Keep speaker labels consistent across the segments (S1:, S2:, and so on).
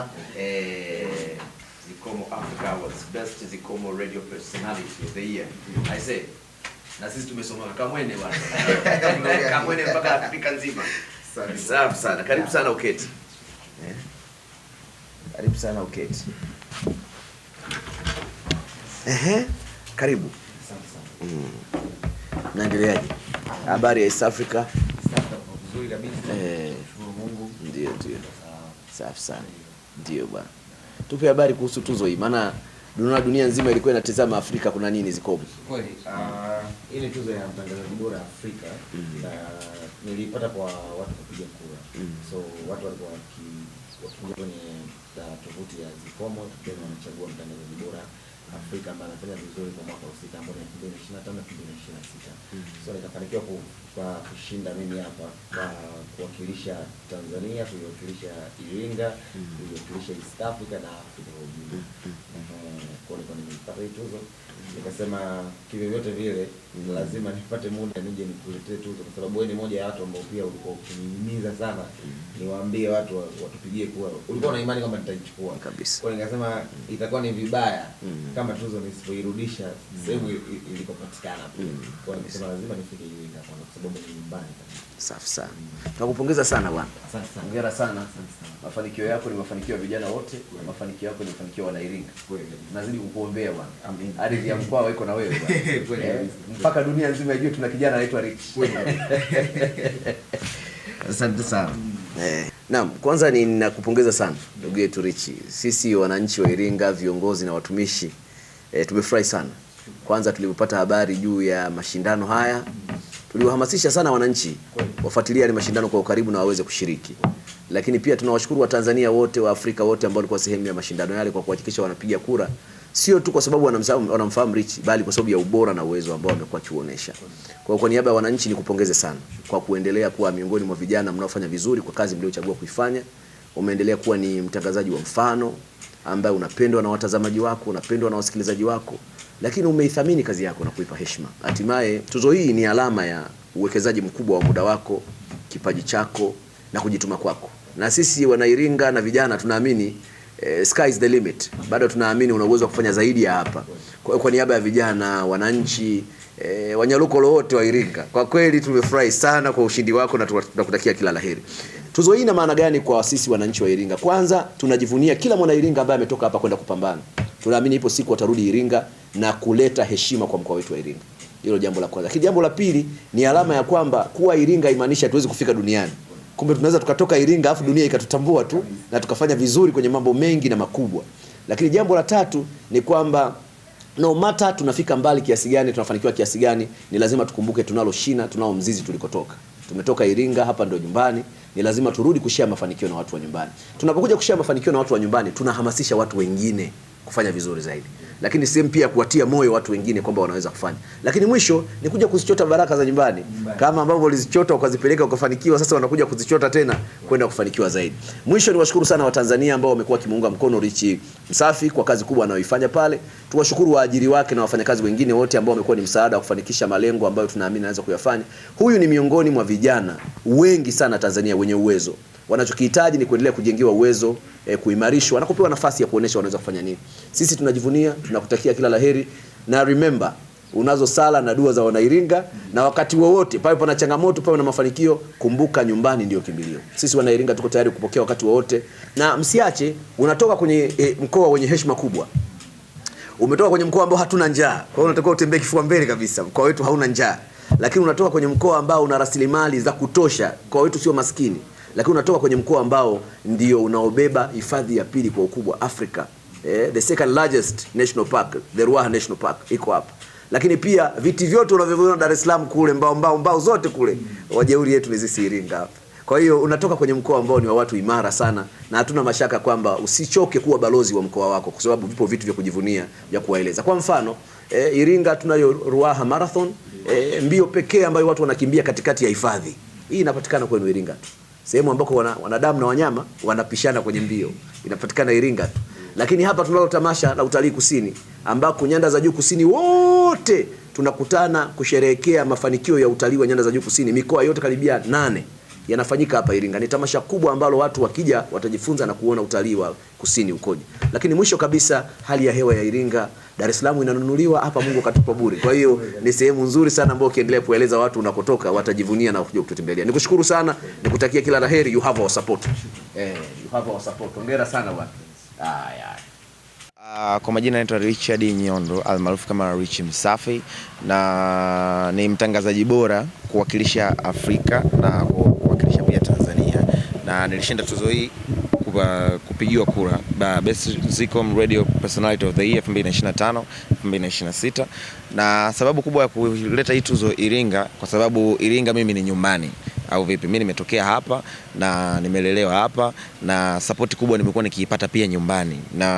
S1: Uh, Zikomo Africa Awards, best Zikomo radio personality of the year. I say na sisi tumesoma Kamwene bwana Kamwene mpaka Afrika nzima. Safi sana, karibu sana uketi, eh, karibu sana uketi. Ehe, karibu. Mnaendeleaje? Mm. Habari ya East Africa? Eh. Mungu. Ndio, ndio. Safi sana. Ndio bwana, tupe habari kuhusu tuzo hii, maana dunia dunia nzima ilikuwa inatazama Afrika kuna nini zikomo.
S2: Kweli uh, ah, ile tuzo ya mtangazaji bora Afrika mm -hmm. na nilipata kwa watu kupiga kura mm -hmm. so watu walikuwa wakiingia kwenye ah, tovuti ya Zikomo, wanachagua mtangazaji bora Afrika ambayo anafanya vizuri kwa mwaka husika ambao ni 2025 2026. Mm. So nikafanikiwa ku, kwa kushinda mimi hapa kwa kuwakilisha Tanzania, kuiwakilisha Iringa, mm. kuiwakilisha East Africa na Afrika hmm. Hmm. Eh, kwa ujumla. Mm. Uh, kwa nilipata tuzo nikasema kivyovyote vile mm. lazima nipate muda nije nikuletee tuzo, kwa sababu wewe ni moja ya watu ambao pia ulikuwa ukinihimiza sana niwaambie watu watupigie kuwa ulikuwa na imani kwamba nitaichukua kabisa. Kwa nikasema itakuwa ni vibaya mm. kama tuzo nisipoirudisha sehemu ilikopatikana mm. Kwa hiyo nikasema lazima nifike Iringa kwa sababu ni nyumbani
S1: Safi sana, tunakupongeza sana bwana,
S2: hongera sana. Mafanikio yako ni mafanikio ya vijana wote, mafanikio yako ni mafanikio ya Wanairinga. Nazidi kukuombea bwana, ardhi mkwaa weko na wewe eh, mpaka dunia nzima ijue tuna kijana anaitwa Rich.
S1: Asante sana. Mm. Eh, naam, kwanza ninakupongeza sana ndugu yetu Rich. Sisi wananchi wa Iringa, viongozi na watumishi e, tumefurahi sana kwanza tulipopata habari juu ya mashindano haya, tuliwahamasisha sana wananchi wafuatilie ni mashindano kwa ukaribu na waweze kushiriki, lakini pia tunawashukuru Watanzania wote wa Afrika wote ambao walikuwa sehemu ya mashindano yale kwa kuhakikisha wanapiga kura sio tu kwa sababu wanamfahamu Rich bali kwa sababu ya ubora na uwezo ambao amekuwa akiuonesha. Kwa kwa niaba ya wananchi nikupongeze sana kwa kuendelea kuwa miongoni mwa vijana mnaofanya vizuri kwa kazi mliochagua kuifanya. Umeendelea kuwa ni mtangazaji wa mfano ambaye unapendwa na watazamaji wako, unapendwa na wasikilizaji wako, lakini umeithamini kazi yako na kuipa heshima. Hatimaye tuzo hii ni alama ya uwekezaji mkubwa wa muda wako, kipaji chako na kujituma kwako, na sisi Wanairinga na vijana tunaamini eh, sky is the limit. Bado tunaamini una uwezo wa kufanya zaidi ya hapa. Kwa, kwa niaba ya vijana, wananchi E, eh, wanyaluko wote wa Iringa, kwa kweli tumefurahi sana kwa ushindi wako na tunakutakia kila laheri. Tuzo hii ina maana gani kwa sisi wananchi wa Iringa? Kwanza tunajivunia kila mwana Iringa ambaye ametoka hapa kwenda kupambana. Tunaamini ipo siku watarudi Iringa na kuleta heshima kwa mkoa wetu wa Iringa. Hilo jambo la kwanza. Lakini jambo la pili ni alama ya kwamba kuwa Iringa imaanisha tuwezi kufika duniani. Kumbe tunaweza tukatoka Iringa afu dunia ikatutambua tu na tukafanya vizuri kwenye mambo mengi na makubwa. Lakini jambo la tatu ni kwamba no matter tunafika mbali kiasi gani, tunafanikiwa kiasi gani, ni lazima tukumbuke tunalo shina, tunao mzizi tulikotoka. Tumetoka Iringa, hapa ndio nyumbani. Ni lazima turudi kushare mafanikio na watu wa nyumbani. Tunapokuja kushare mafanikio na watu wa nyumbani, tunahamasisha watu wengine kufanya vizuri zaidi, lakini sehemu pia kuwatia moyo watu wengine kwamba wanaweza kufanya. Lakini mwisho ni kuja kuzichota baraka za nyumbani, kama ambavyo ulizichota ukazipeleka ukafanikiwa, sasa wanakuja kuzichota tena kwenda kufanikiwa zaidi. Mwisho niwashukuru sana Watanzania ambao wamekuwa kimuunga mkono Richi Msafi kwa kazi kubwa anayoifanya pale. Tuwashukuru waajiri wake na wafanyakazi wengine wote ambao wamekuwa ni msaada wa kufanikisha malengo ambayo tunaamini anaweza kuyafanya. Huyu ni miongoni mwa vijana wengi sana Tanzania wenye uwezo Wanachokihitaji ni kuendelea kujengewa uwezo eh, kuimarishwa na kupewa nafasi ya kuonesha wanaweza kufanya nini. Sisi tunajivunia, tunakutakia kila laheri na remember unazo sala na dua za Wanairinga na wakati wowote pale pana changamoto, pale na mafanikio, kumbuka nyumbani ndio kimbilio. Sisi Wanairinga tuko tayari kupokea wakati wowote, na msiache. Unatoka kwenye e, mkoa wenye heshima kubwa, umetoka kwenye mkoa ambao hatuna njaa, kwa hiyo unatakiwa utembee kifua mbele kabisa. Mkoa wetu hauna njaa, lakini unatoka kwenye mkoa ambao una rasilimali za kutosha, mkoa wetu sio maskini lakini unatoka kwenye mkoa ambao ndio unaobeba hifadhi ya pili kwa ukubwa Afrika, eh, the second largest national park, the Ruaha National Park iko hapa lakini pia viti vyote unavyoviona Dar es Salaam kule mbao mbao mbao zote kule wajeuri yetu ni sisi Iringa Kwa hiyo unatoka kwenye mkoa ambao ni wa watu imara sana, na hatuna mashaka kwamba usichoke kuwa balozi wa mkoa wako, kwa sababu vipo vitu vya kujivunia vya kuwaeleza. Kwa mfano e, Iringa tunayo Ruaha Marathon e, mbio pekee ambayo watu wanakimbia katikati ya hifadhi. Hii inapatikana kwenu Iringa tu sehemu ambako wana, wanadamu na wanyama wanapishana kwenye mbio, inapatikana Iringa tu. Lakini hapa tunalo tamasha la utalii kusini, ambako nyanda za juu kusini wote tunakutana kusherehekea mafanikio ya utalii wa nyanda za juu kusini, mikoa yote karibia nane yanafanyika hapa Iringa. Ni tamasha kubwa ambalo watu wakija watajifunza na kuona utalii wa kusini ukoje. Lakini mwisho kabisa, hali ya hewa ya Iringa, Dar es Salaam inanunuliwa hapa, Mungu katupa bure. Kwa hiyo ni sehemu nzuri sana ambayo ukiendelea kueleza watu unakotoka watajivunia na kuja kututembelea. Nikushukuru sana, nikutakia kila laheri. You have our support. Eh, you have our support. Hongera sana bwana. Haya. Uh, kwa majina naitwa Richard Nyondo almaarufu kama Rich Msafi na ni mtangazaji bora kuwakilisha Afrika na na nilishinda tuzo hii kupigiwa kura Best Zicom Radio Personality of the Year 2025 2026, na sababu kubwa ya kuleta hii tuzo Iringa, kwa sababu Iringa mimi ni nyumbani au vipi, mimi nimetokea hapa na nimelelewa hapa, na sapoti kubwa nimekuwa nikiipata pia nyumbani, na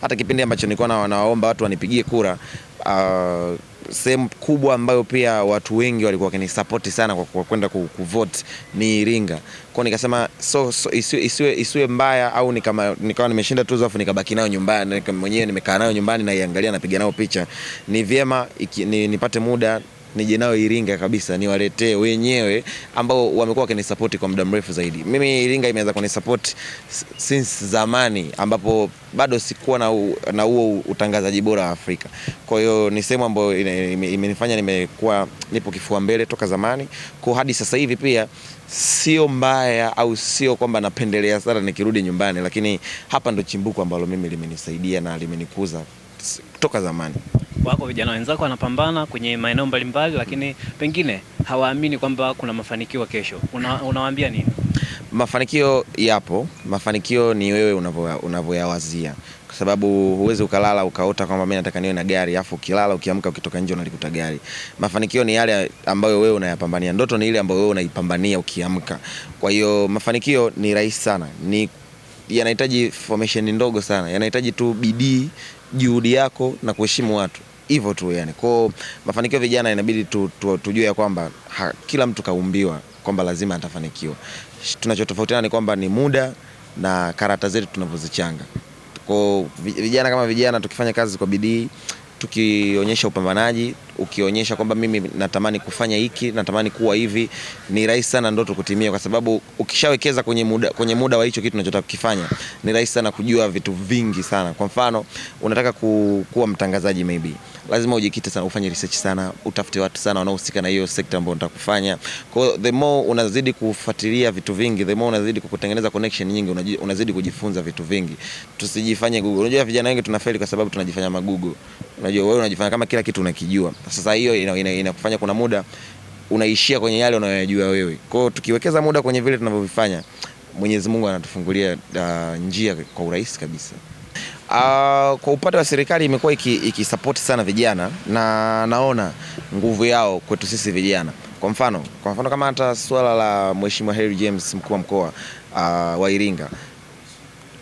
S1: hata kipindi ambacho nilikuwa wanaomba watu wanipigie kura uh, sehemu kubwa ambayo pia watu wengi walikuwa wakinisapoti sana kwa kwenda kuvote ni Iringa kwao, nikasema so, so, isiwe, isiwe, isiwe mbaya au nikama, nikawa nimeshinda tuzo afu nikabaki nayo nyumbani mwenyewe nimekaa nayo nyumbani naiangalia napiga nayo picha. Ni vyema ni, nipate muda nije nao Iringa kabisa niwaletee wenyewe ambao wamekuwa wakinisapoti kwa muda mrefu zaidi. Mimi Iringa imeanza kunisapoti since zamani ambapo bado sikuwa na huo utangazaji bora wa Afrika. Kwa hiyo ni sehemu ambayo imenifanya nimekuwa nipo kifua mbele toka zamani kwa hadi sasa hivi pia sio mbaya au sio kwamba napendelea sana nikirudi nyumbani, lakini hapa ndo chimbuko ambalo mimi limenisaidia na limenikuza toka zamani
S3: wako vijana wenzako wanapambana kwenye maeneo mbalimbali, lakini pengine hawaamini kwamba kuna mafanikio kesho, unawaambia nini?
S1: Mafanikio yapo, mafanikio ni wewe unavyoyawazia kwa sababu huwezi ukalala ukaota kwamba mimi nataka niwe na gari, afu ukilala ukiamka ukitoka nje unalikuta gari. Mafanikio ni yale ambayo wewe unayapambania, ndoto ni ile ambayo wewe unaipambania ukiamka. Kwa hiyo mafanikio ni rahisi sana, ni yanahitaji formation ndogo sana, yanahitaji tu bidii, juhudi yako na kuheshimu watu hivyo tu yani. Kwa mafanikio vijana inabidi tu, tu, tujue ya kwamba ha, kila mtu kaumbiwa kwamba lazima atafanikiwa. Tunachotofautiana ni kwamba ni muda na karata zetu tunavyozichanga. Kwa vijana kama vijana, tukifanya kazi kwa bidii, tukionyesha upambanaji, ukionyesha kwamba mimi natamani kufanya hiki, natamani kuwa hivi, ni rahisi sana ndoto kutimia, kwa sababu ukishawekeza kwenye muda, kwenye muda wa hicho kitu unachotaka kukifanya, ni rahisi sana kujua vitu vingi sana. Kwa mfano, unataka ku, kuwa mtangazaji maybe lazima ujikite sana, ufanye research sana, utafute watu sana wanaohusika na hiyo sekta ambayo unataka. Kwa hiyo the more unazidi kufuatilia vitu vingi, the more unazidi kutengeneza connection nyingi, unazidi kujifunza vitu vingi. Tusijifanye Google. Unajua vijana wengi tunafeli kwa sababu tunajifanya magugu. Unajua wewe unajifanya kama kila kitu unakijua. Sasa hiyo inakufanya ina, ina kuna muda unaishia kwenye yale unayoyajua wewe. Kwa hiyo tukiwekeza muda kwenye vile tunavyovifanya, Mwenyezi Mungu anatufungulia uh, njia kwa urahisi kabisa. Uh, kwa upande wa serikali imekuwa ikisapoti iki sana vijana na naona nguvu yao kwetu sisi vijana. Kwa mfano, kwa mfano kama hata swala la Mheshimiwa Harry James mkuu wa mkoa uh, wa Iringa,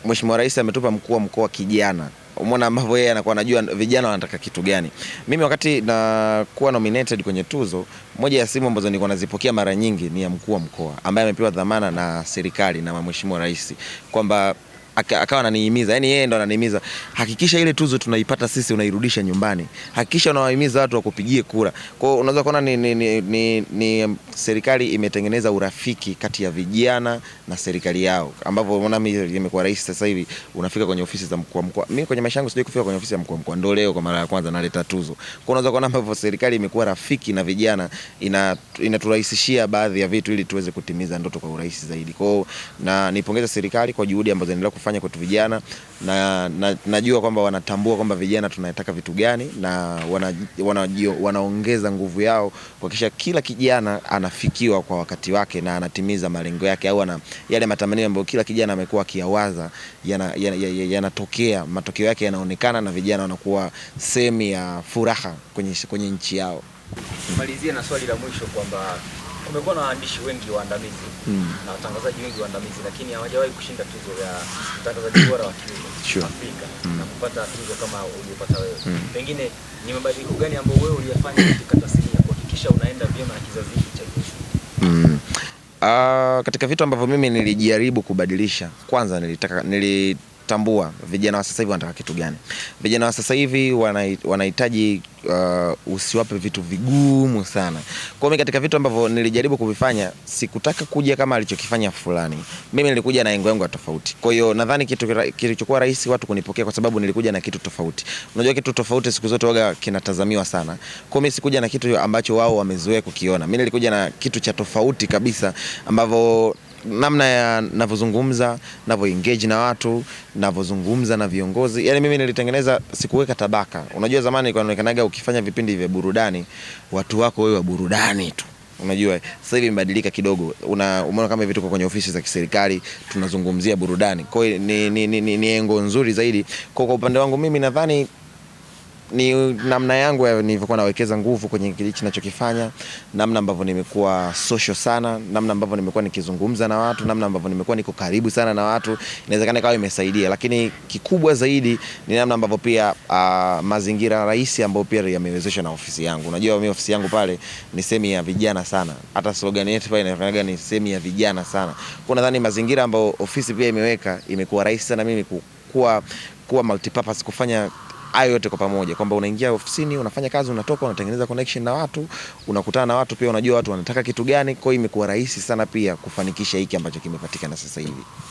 S1: Mheshimiwa Rais ametupa mkuu wa mkoa kijana. Umeona ambavyo yeye anakuwa anajua vijana wanataka kitu gani. Mimi wakati na kuwa nominated kwenye tuzo, moja ya simu ambazo nilikuwa nazipokea mara nyingi ni ya mkuu wa mkoa ambaye amepewa dhamana na serikali na Mheshimiwa Rais kwamba akawa ananihimiza, yani yeye ndo ananihimiza, hakikisha ile tuzo tunaipata sisi unairudisha nyumbani, hakikisha unawahimiza watu wakupigie kura. Kwa hiyo unaweza kuona ni, ni, ni, ni, ni um, serikali imetengeneza urafiki kati ya vijana na serikali yao, ambapo unaona mimi nimekuwa rais sasa hivi, unafika kwenye ofisi za mkuu mkuu. Mimi kwenye maisha yangu sijui kufika kwenye ofisi ya mkuu mkuu, ndio leo kwa mara ya kwanza naleta tuzo. Kwa unaweza kuona ambavyo serikali imekuwa rafiki na vijana, ina inaturahisishia baadhi ya vitu ili tuweze kutimiza ndoto kwa urahisi zaidi. Kwa hiyo na nipongeza serikali kwa juhudi ambazo inaendelea wanafanya kwetu vijana na, na najua kwamba wanatambua kwamba vijana tunataka vitu gani na wana, wana, wanaongeza nguvu yao kuhakikisha kila kijana anafikiwa kwa wakati wake na anatimiza malengo yake au ana, yale matamanio ambayo kila kijana amekuwa akiyawaza yanatokea yana, yana, matokeo yake yanaonekana na vijana wanakuwa sehemu ya furaha kwenye, kwenye nchi yao.
S3: Malizia na swali la mwisho kwamba kumekuwa na waandishi wengi waandamizi mm. na watangazaji wengi waandamizi, lakini hawajawahi kushinda tuzo ya mtangazaji bora wa kiume sure. Afrika mm. na kupata tuzo kama uliopata wewe mm. pengine ni mabadiliko gani ambayo wewe uliyafanya katika tasnia ya kuhakikisha unaenda vyema na kizazi hiki cha kesho?
S1: mm. Uh, ah, katika vitu ambavyo mimi nilijaribu kubadilisha, kwanza nilitaka nili tambua vijana wa sasa hivi wanataka kitu gani. Vijana wa sasa hivi wanahitaji uh, usiwape vitu vigumu sana. Kwa mimi katika vitu ambavyo nilijaribu kuvifanya, sikutaka kuja kama alichokifanya fulani. Mimi nilikuja na engo yangu tofauti. Kwa hiyo nadhani kitu kilichokuwa rahisi watu kunipokea, kwa sababu nilikuja na kitu tofauti. Unajua kitu tofauti siku zote waga kinatazamiwa sana. Kwa mimi sikuja na kitu ambacho wao wamezoea kukiona. Mimi nilikuja na kitu cha tofauti kabisa ambavyo namna ya navyozungumza, engage na watu, ninavyozungumza na viongozi. Yani mimi nilitengeneza, sikuweka tabaka. Unajua zamani ilikuwa inaonekanaga ukifanya vipindi vya burudani watu wako wewe wa burudani tu Unajua sasa hivi imebadilika kidogo, umeona kama hivi tuko kwenye ofisi za kiserikali tunazungumzia burudani. Kwa hiyo ni, ni, ni, ni, ni engo nzuri zaidi. Kwa upande wangu mimi nadhani ni namna yangu ya nilivyokuwa nawekeza nguvu kwenye kile ninachokifanya, namna ambavyo nimekuwa social sana, namna ambavyo nimekuwa nikizungumza na watu, namna ambavyo nimekuwa niko karibu sana na watu, inawezekana ikawa imesaidia, lakini kikubwa zaidi ni namna ambavyo pia uh, mazingira rahisi ambayo pia yamewezesha na ofisi yangu. Unajua mimi ofisi yangu pale ni sehemu ya vijana sana, hata slogan yetu pale inafanyaga ni sehemu ya vijana sana. Kwa nadhani mazingira ambayo ofisi pia imeweka imekuwa rahisi sana mimi kukua kuwa multipurpose kufanya hayo yote kwa pamoja, kwamba unaingia ofisini, unafanya kazi, unatoka, unatengeneza connection na watu, unakutana na watu pia, unajua watu wanataka kitu gani. Kwa hiyo imekuwa rahisi sana pia kufanikisha hiki ambacho kimepatikana sasa hivi.